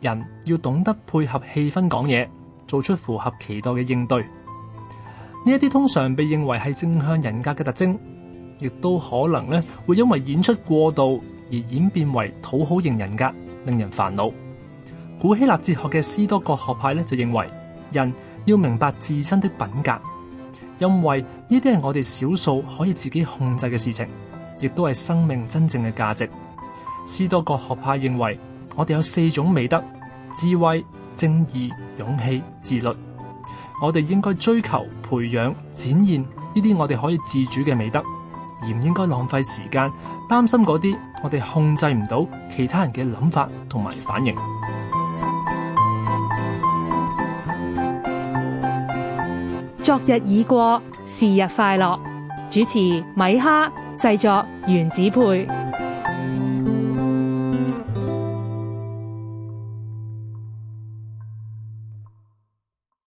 人要懂得配合氣氛講嘢，做出符合期待嘅應對。呢一啲通常被認為係正向人格嘅特徵，亦都可能咧會因為演出過度而演變為討好型人格，令人煩惱。古希臘哲學嘅斯多葛學派咧就認為，人要明白自身的品格，因為呢啲係我哋少數可以自己控制嘅事情，亦都係生命真正嘅價值。斯多葛學派認為。我哋有四種美德：智慧、正義、勇氣、自律。我哋應該追求、培養、展現呢啲我哋可以自主嘅美德，而唔應該浪費時間擔心嗰啲我哋控制唔到其他人嘅諗法同埋反應。昨日已過，是日快樂。主持：米哈，製作：原子配。